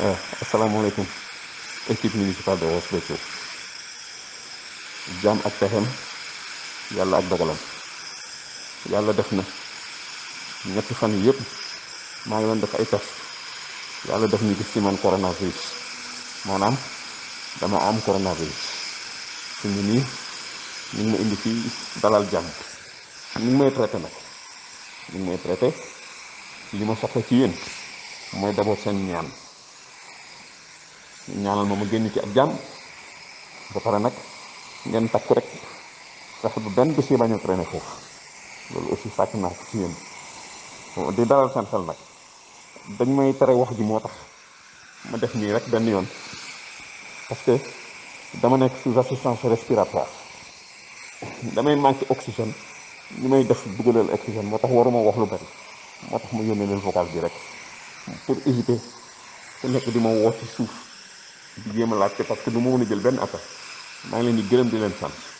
waaw asalaamaaleykum équipe municipale de Ross Béthio jaam ak pexem yàlla ak dogalam yàlla def na ñetti fan yëpp maa ngi doon def ay test yàlla def ñu gis ci man coronavirus maanaam dama am coronavirus su ñu nii ñu ma indi fii dalal jàmm ñu may traité nag ñu may traité li ma soxla ci yéen mooy d'abord seen ñaan ñaanal ma mu génn ci ak jàmm ba pare nag ngeen takk rek fexe bu benn dossier bañ a traîner foofu loolu aussi sàcc naa ko ci yéen di dalal seen xel nag dañ may tere wax ji moo tax ma def nii rek benn yoon parce que dama nekk sous assistance respiratoire damay manqué oxygène ñu may def dugaleel oxygène moo tax waruma wax lu bari moo tax ma yónnee leen vocal bi rek pour éviter ku nekk di ma woo ci suuf di jéem a laajte parce que du a jël benn affaire maa ngi leen di gërëm di leen sant.